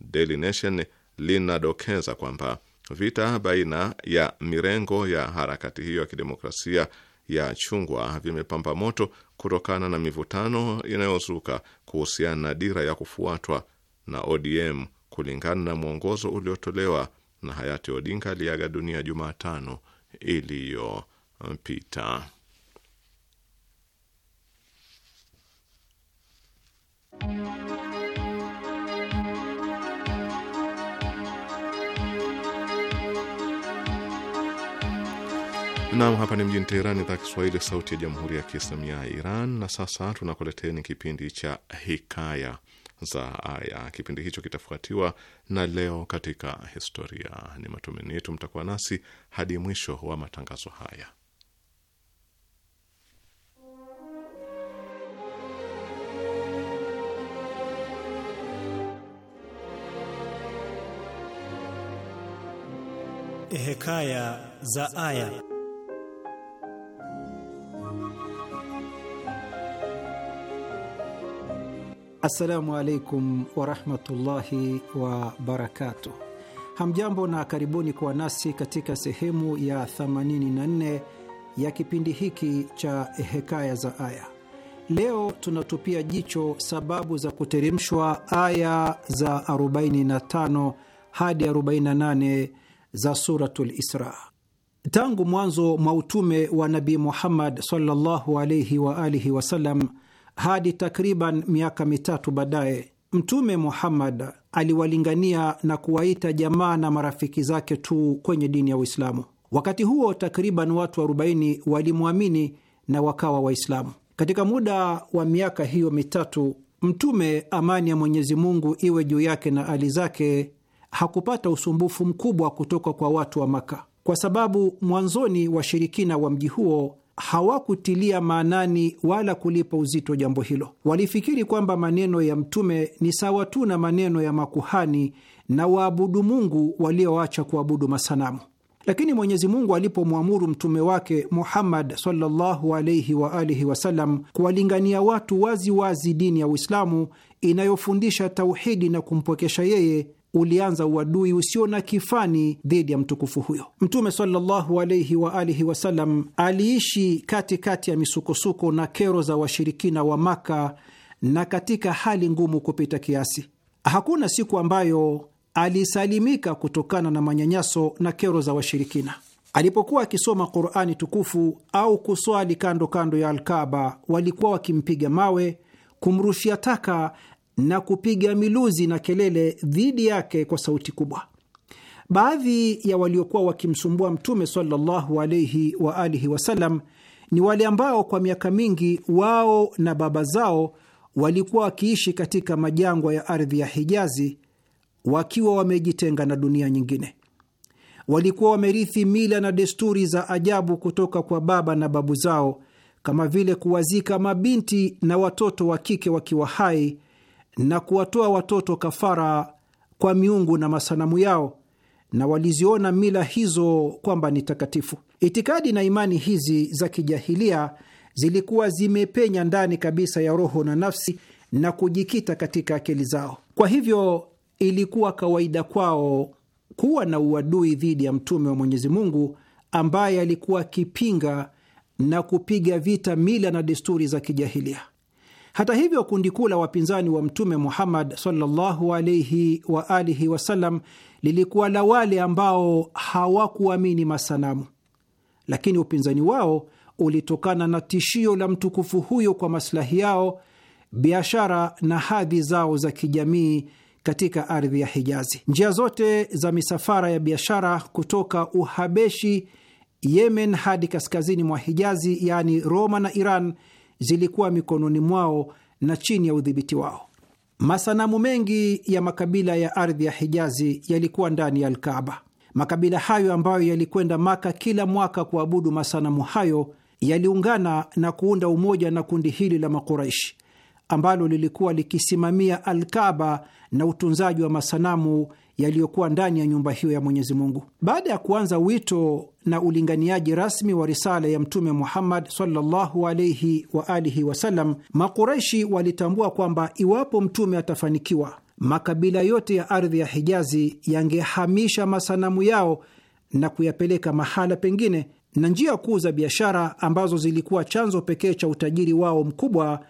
Daily Nation linadokeza kwamba vita baina ya mirengo ya harakati hiyo ya kidemokrasia ya chungwa vimepamba moto kutokana na mivutano inayozuka kuhusiana na dira ya kufuatwa na ODM kulingana na mwongozo uliotolewa na hayati Odinga aliaga dunia Jumatano iliyopita. Naam, hapa ni mjini Teherani, idhaa Kiswahili sauti ya jamhuri ya kiislamia ya Iran. Na sasa tunakuleteni kipindi cha Hikaya za Aya. Kipindi hicho kitafuatiwa na Leo katika Historia. Ni matumaini yetu mtakuwa nasi hadi mwisho wa matangazo haya. Hekaya za Aya. Assalamu alaikum warahmatullahi wabarakatu Hamjambo na karibuni kuwa nasi katika sehemu ya 84 ya kipindi hiki cha Hekaya za Aya. Leo tunatupia jicho sababu za kuteremshwa aya za 45 hadi 48 za Suratul Isra. Tangu mwanzo mwa utume wa Nabii Muhammad sallallahu alaihi wa alihi wasallam hadi takriban miaka mitatu baadaye Mtume Muhammad aliwalingania na kuwaita jamaa na marafiki zake tu kwenye dini ya Uislamu. Wakati huo takriban watu 40 walimwamini na wakawa Waislamu. Katika muda wa miaka hiyo mitatu, Mtume, amani ya Mwenyezi Mungu iwe juu yake na ali zake, hakupata usumbufu mkubwa kutoka kwa watu wa Maka, kwa sababu mwanzoni washirikina wa mji huo hawakutilia maanani wala kulipa uzito jambo hilo. Walifikiri kwamba maneno ya Mtume ni sawa tu na maneno ya makuhani na waabudu Mungu walioacha kuabudu masanamu. Lakini Mwenyezi Mungu alipomwamuru mtume wake Muhammad sallallahu wa alihi wasallam kuwalingania watu wazi wazi dini ya Uislamu inayofundisha tauhidi na kumpwekesha yeye ulianza uadui usio na kifani dhidi ya mtukufu huyo. Mtume sallallahu alaihi wa alihi wasallam aliishi katikati ya misukosuko na kero za washirikina wa Maka na katika hali ngumu kupita kiasi. Hakuna siku ambayo alisalimika kutokana na manyanyaso na kero za washirikina. Alipokuwa akisoma Qurani tukufu au kuswali kando kando ya Alkaba, walikuwa wakimpiga mawe, kumrushia taka na kupiga miluzi na kelele dhidi yake kwa sauti kubwa. Baadhi ya waliokuwa wakimsumbua Mtume sallallahu alaihi wa alihi wasallam ni wale ambao kwa miaka mingi wao na baba zao walikuwa wakiishi katika majangwa ya ardhi ya Hijazi wakiwa wamejitenga na dunia nyingine. Walikuwa wamerithi mila na desturi za ajabu kutoka kwa baba na babu zao, kama vile kuwazika mabinti na watoto wa kike wakiwa hai na kuwatoa watoto kafara kwa miungu na masanamu yao, na waliziona mila hizo kwamba ni takatifu. Itikadi na imani hizi za kijahilia zilikuwa zimepenya ndani kabisa ya roho na nafsi na kujikita katika akili zao. Kwa hivyo ilikuwa kawaida kwao kuwa na uadui dhidi ya mtume wa Mwenyezi Mungu ambaye alikuwa akipinga na kupiga vita mila na desturi za kijahilia. Hata hivyo, kundi kuu la wapinzani wa Mtume Muhammad sallallahu alaihi wa alihi wasallam lilikuwa la wale ambao hawakuamini masanamu, lakini upinzani wao ulitokana na tishio la mtukufu huyo kwa maslahi yao, biashara na hadhi zao za kijamii katika ardhi ya Hijazi. Njia zote za misafara ya biashara kutoka Uhabeshi, Yemen hadi kaskazini mwa Hijazi, yaani Roma na Iran zilikuwa mikononi mwao na chini ya udhibiti wao. Masanamu mengi ya makabila ya ardhi ya Hijazi yalikuwa ndani ya Alkaaba. Makabila hayo ambayo yalikwenda Maka kila mwaka kuabudu masanamu hayo yaliungana na kuunda umoja na kundi hili la Makuraishi ambalo lilikuwa likisimamia Alkaba na utunzaji wa masanamu yaliyokuwa ndani ya nyumba hiyo ya Mwenyezi Mungu. Baada ya kuanza wito na ulinganiaji rasmi wa risala ya Mtume Muhammad sallallahu alaihi wa alihi wasallam, Makuraishi walitambua kwamba iwapo Mtume atafanikiwa, makabila yote ya ardhi ya Hijazi yangehamisha masanamu yao na kuyapeleka mahala pengine, na njia kuu za biashara ambazo zilikuwa chanzo pekee cha utajiri wao mkubwa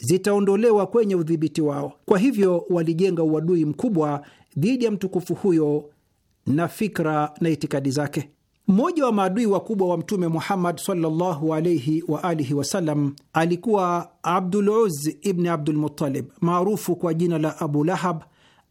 zitaondolewa kwenye udhibiti wao. Kwa hivyo walijenga uadui mkubwa dhidi ya mtukufu huyo na fikra na itikadi zake. Mmoja wa maadui wakubwa wa Mtume Muhammad sallallahu wa alihi wasallam alikuwa Abduluz ibni Abdulmutalib, maarufu kwa jina la Abu Lahab,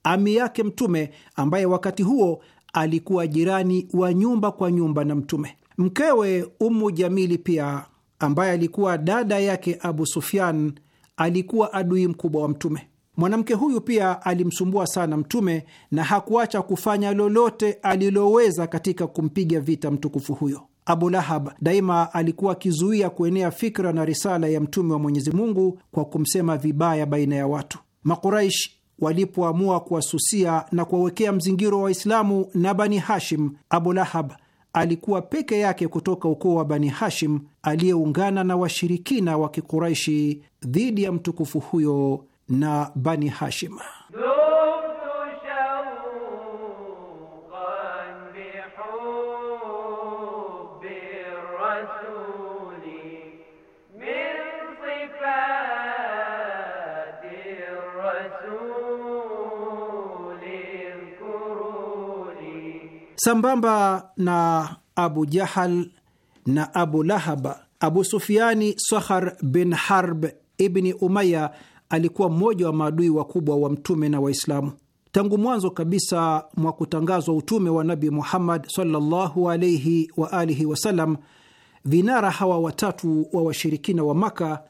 ami yake Mtume, ambaye wakati huo alikuwa jirani wa nyumba kwa nyumba na Mtume. Mkewe Ummu Jamili pia ambaye alikuwa dada yake Abu Sufyan alikuwa adui mkubwa wa Mtume. Mwanamke huyu pia alimsumbua sana Mtume na hakuacha kufanya lolote aliloweza katika kumpiga vita mtukufu huyo. Abu Lahab daima alikuwa akizuia kuenea fikra na risala ya Mtume wa Mwenyezi Mungu kwa kumsema vibaya baina ya watu. Makuraish walipoamua kuwasusia na kuwawekea mzingiro wa Waislamu na Bani Hashim, Abu Lahab alikuwa peke yake kutoka ukoo wa Bani Hashim aliyeungana na washirikina wa Kikuraishi dhidi ya mtukufu huyo na Bani Hashim. sambamba na Abu Jahal na Abu Lahab. Abu Sufiani Sahar bin Harb ibni Umaya alikuwa mmoja wa maadui wakubwa wa Mtume na Waislamu tangu mwanzo kabisa mwa kutangazwa utume wa Nabi Muhammad sallallahu alaihi wa alihi wasallam. Vinara hawa watatu wa washirikina wa Maka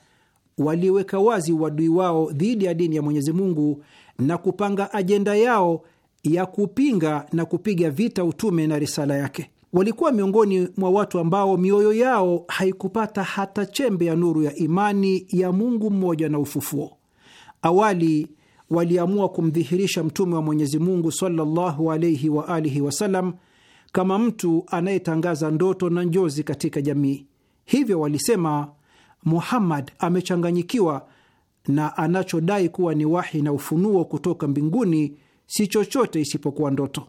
waliweka wazi uadui wao dhidi ya dini ya Mwenyezi Mungu na kupanga ajenda yao ya kupinga na kupiga vita utume na risala yake. Walikuwa miongoni mwa watu ambao mioyo yao haikupata hata chembe ya nuru ya imani ya Mungu mmoja na ufufuo. Awali waliamua kumdhihirisha mtume wa Mwenyezi Mungu sallallahu alayhi wa alihi wasallam kama mtu anayetangaza ndoto na njozi katika jamii. Hivyo walisema Muhammad amechanganyikiwa na anachodai kuwa ni wahi na ufunuo kutoka mbinguni si chochote isipokuwa ndoto.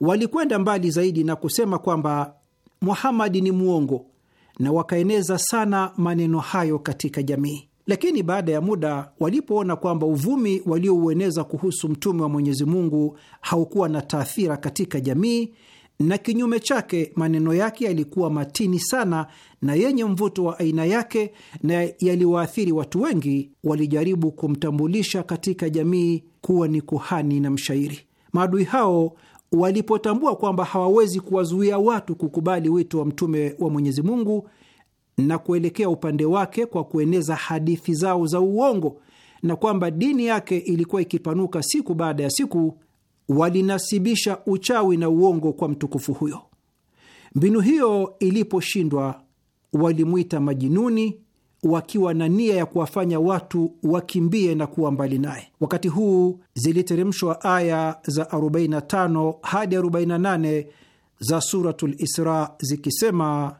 Walikwenda mbali zaidi na kusema kwamba Muhamadi ni mwongo na wakaeneza sana maneno hayo katika jamii. Lakini baada ya muda, walipoona kwamba uvumi walioueneza kuhusu mtume wa Mwenyezi Mungu haukuwa na taathira katika jamii na kinyume chake maneno yake yalikuwa matini sana na yenye mvuto wa aina yake na yaliwaathiri watu wengi. Walijaribu kumtambulisha katika jamii kuwa ni kuhani na mshairi. Maadui hao walipotambua kwamba hawawezi kuwazuia watu kukubali wito wa mtume wa Mwenyezi Mungu na kuelekea upande wake kwa kueneza hadithi zao za uongo na kwamba dini yake ilikuwa ikipanuka siku baada ya siku walinasibisha uchawi na uongo kwa mtukufu huyo. Mbinu hiyo iliposhindwa, walimwita majinuni wakiwa na nia ya kuwafanya watu wakimbie na kuwa mbali naye. Wakati huu ziliteremshwa aya za 45 hadi 48 za Suratul Isra zikisema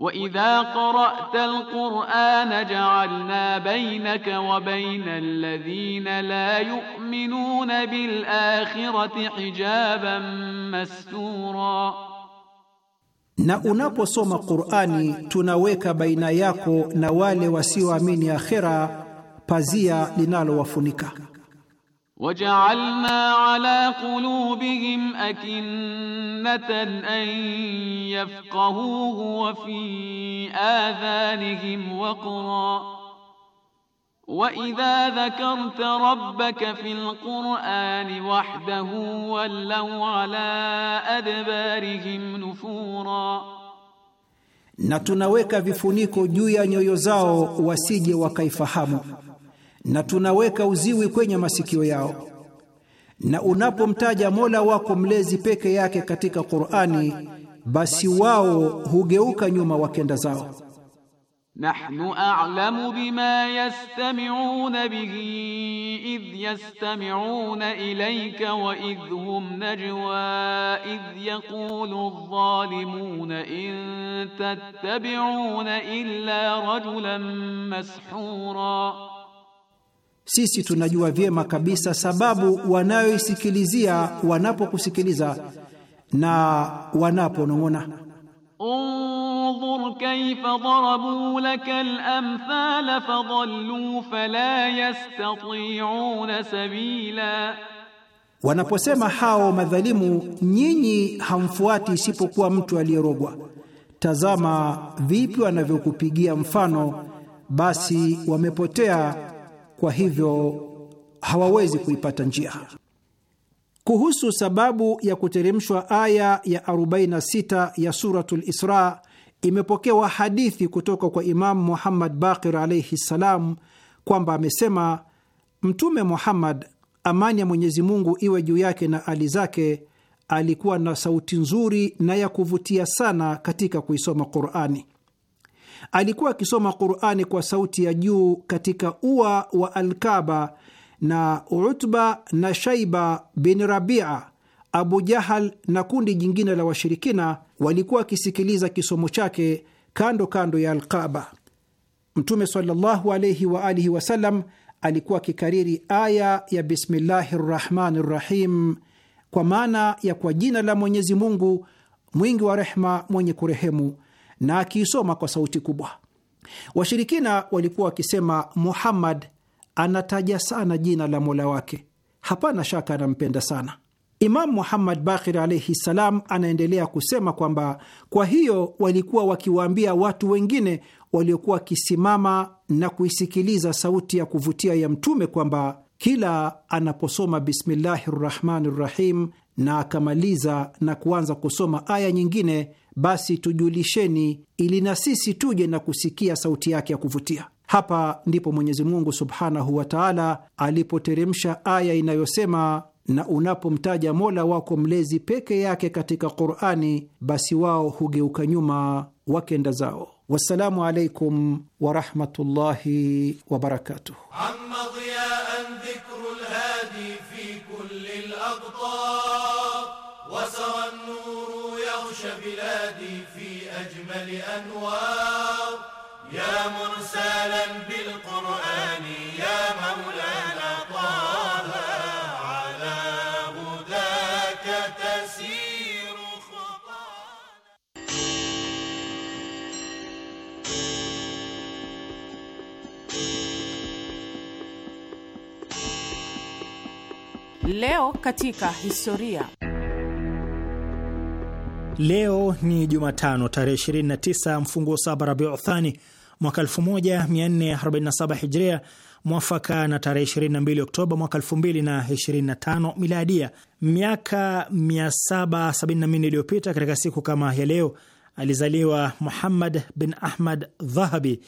وإذا قرأت القرآن جعلنا بينك وبين الذين لا يؤمنون بالآخرة حجابا مستورا na unaposoma Qur'ani tunaweka baina yako na wale wasioamini akhera pazia linalowafunika Waj'alna ala qulubihim akinnatan an yafqahuhu wa fi adhanihim waqra وإذا ذكرت ربك في القرآن وحده ولوا على أدبارهم نفورا na tunaweka vifuniko juu ya nyoyo zao wasije wakaifahamu na tunaweka uziwi kwenye masikio yao. Na unapomtaja Mola wako mlezi peke yake katika Qur'ani, basi wao hugeuka nyuma wakenda zao. Nahnu a'lamu bima yastami'una bihi idh yastami'una ilayka wa idh hum najwa idh yaqulu adh-dhalimuna in tattabi'una illa rajulan mashhura. Sisi tunajua vyema kabisa sababu wanayoisikilizia wanapokusikiliza na wanaponong'ona. Undhur kaifa darabu laka al fadallu fala yastati'una sabila, wanaposema hao madhalimu, nyinyi hamfuati isipokuwa mtu aliyerogwa. Tazama vipi wanavyokupigia mfano, basi wamepotea kwa hivyo hawawezi kuipata njia. Kuhusu sababu ya kuteremshwa aya ya 46 ya Suratul Isra, imepokewa hadithi kutoka kwa Imamu Muhammad Baqir alaihi ssalam kwamba amesema Mtume Muhammad, amani ya Mwenyezi Mungu iwe juu yake na ali zake, alikuwa na sauti nzuri na ya kuvutia sana katika kuisoma Qurani. Alikuwa akisoma Qurani kwa sauti ya juu katika ua wa Alkaba, na Utba na Shaiba bin Rabia, Abu Jahal na kundi jingine la washirikina walikuwa wakisikiliza kisomo chake kando kando ya Alkaba. Mtume sallallahu alayhi wa alihi wasallam alikuwa akikariri aya ya bismillahi rahmani rahim, kwa maana ya kwa jina la Mwenyezi Mungu mwingi wa rehma mwenye kurehemu na akiisoma kwa sauti kubwa. Washirikina walikuwa wakisema, Muhammad anataja sana jina la mola wake, hapana shaka anampenda sana. Imamu Muhammad Bakir alaihi ssalam anaendelea kusema kwamba kwa hiyo walikuwa wakiwaambia watu wengine waliokuwa wakisimama na kuisikiliza sauti ya kuvutia ya Mtume kwamba kila anaposoma bismillahi rrahmani rrahim na akamaliza na kuanza kusoma aya nyingine, basi tujulisheni, ili na sisi tuje na kusikia sauti yake ya kuvutia. Hapa ndipo Mwenyezi Mungu subhanahu wa taala alipoteremsha aya inayosema na unapomtaja Mola wako mlezi peke yake katika Qur'ani, basi wao hugeuka nyuma wakenda zao. Wassalamu alaikum warahmatullahi wabarakatuh. لأنوار يا مرسلا بالقرآن يا مولانا طه على هداك تسير خطانا Leo katika historia Leo ni Jumatano tarehe 29 mfunguo saba Rabiu Thani mwaka 1447 Hijria, mwafaka na tarehe 22 Oktoba mwaka 2025 Miladia. Miaka 774 iliyopita katika siku kama ya leo alizaliwa Muhammad bin Ahmad Dhahabi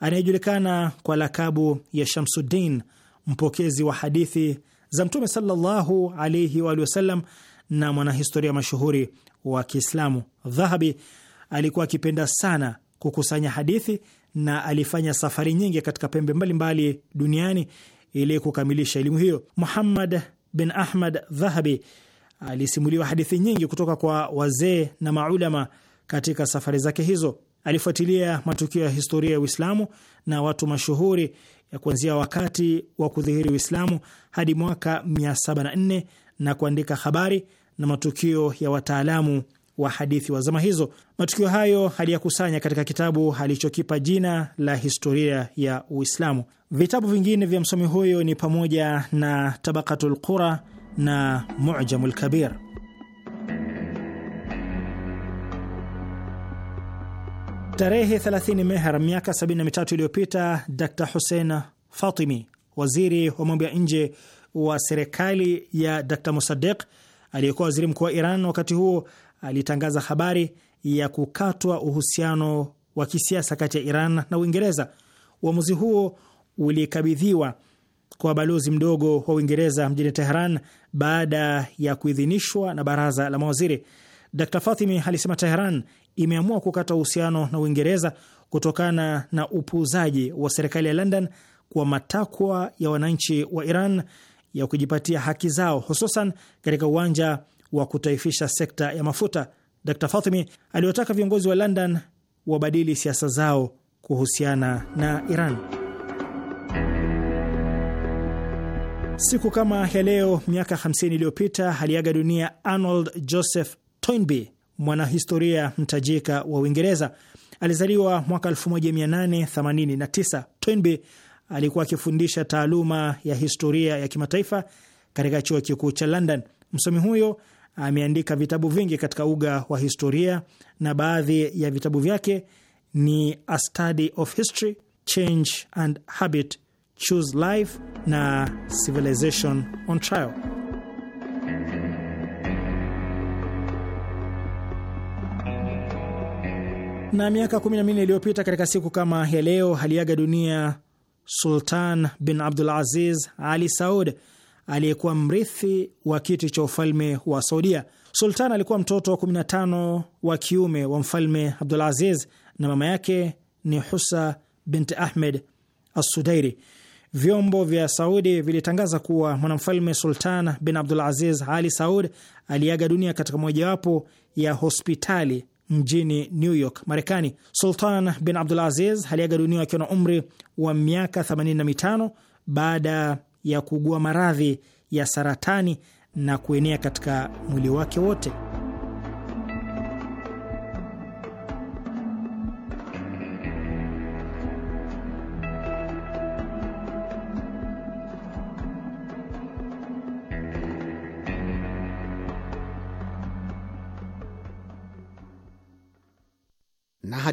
anayejulikana kwa lakabu ya Shamsuddin, mpokezi wa hadithi za Mtume sallallahu alaihi wa wasallam na mwanahistoria mashuhuri wa Kiislamu. Dhahabi alikuwa akipenda sana kukusanya hadithi na alifanya safari nyingi katika pembe mbalimbali mbali duniani ili kukamilisha elimu hiyo. Muhammad bin Ahmad Dhahabi alisimuliwa hadithi nyingi kutoka kwa wazee na maulama katika safari zake hizo. Alifuatilia matukio ya historia ya Uislamu na watu mashuhuri ya kuanzia wakati wa kudhihiri Uislamu hadi mwaka 704 na kuandika habari na matukio ya wataalamu wa hadithi wa zama hizo. Matukio hayo aliyakusanya katika kitabu alichokipa jina la Historia ya Uislamu. Vitabu vingine vya msomi huyo ni pamoja na Tabakatul Qura na Mujamul Kabir. Tarehe 30 Meher miaka 73 iliyopita, Dr Hussein Fatimi, waziri wa mambo ya nje wa serikali ya Dr musadiq aliyekuwa waziri mkuu wa Iran wakati huo alitangaza habari ya kukatwa uhusiano wa kisiasa kati ya Iran na Uingereza. Uamuzi huo ulikabidhiwa kwa balozi mdogo wa Uingereza mjini Teheran baada ya kuidhinishwa na baraza la mawaziri. Dr Fathimi alisema Teheran imeamua kukata uhusiano na Uingereza kutokana na upuuzaji wa serikali ya London kwa matakwa ya wananchi wa Iran ya kujipatia haki zao, hususan katika uwanja wa kutaifisha sekta ya mafuta. Dr Fatimi aliwataka viongozi wa London wabadili siasa zao kuhusiana na Iran. Siku kama ya leo miaka 50 iliyopita aliaga dunia Arnold Joseph Toynbee, mwanahistoria mtajika wa Uingereza. Alizaliwa mwaka 1889. Toynbee alikuwa akifundisha taaluma ya historia ya kimataifa katika chuo kikuu cha London. Msomi huyo ameandika vitabu vingi katika uga wa historia na baadhi ya vitabu vyake ni A Study of History, Change and Habit, Choose Life na Civilization on Trial. Na miaka 14 iliyopita katika siku kama ya leo, aliaga dunia Sultan bin Abdul Aziz Ali Saud aliyekuwa mrithi wa kiti cha ufalme wa Saudia. Sultan alikuwa mtoto wa 15 wa kiume wa mfalme Abdul Aziz na mama yake ni Husa bint Ahmed Assudairi. Vyombo vya Saudi vilitangaza kuwa mwanamfalme Sultan bin Abdul Aziz Ali Saud aliaga dunia katika mojawapo ya hospitali mjini New York, Marekani. Sultan bin abdul aziz aliaga dunia akiwa na umri wa miaka 85 baada ya kuugua maradhi ya saratani na kuenea katika mwili wake wote.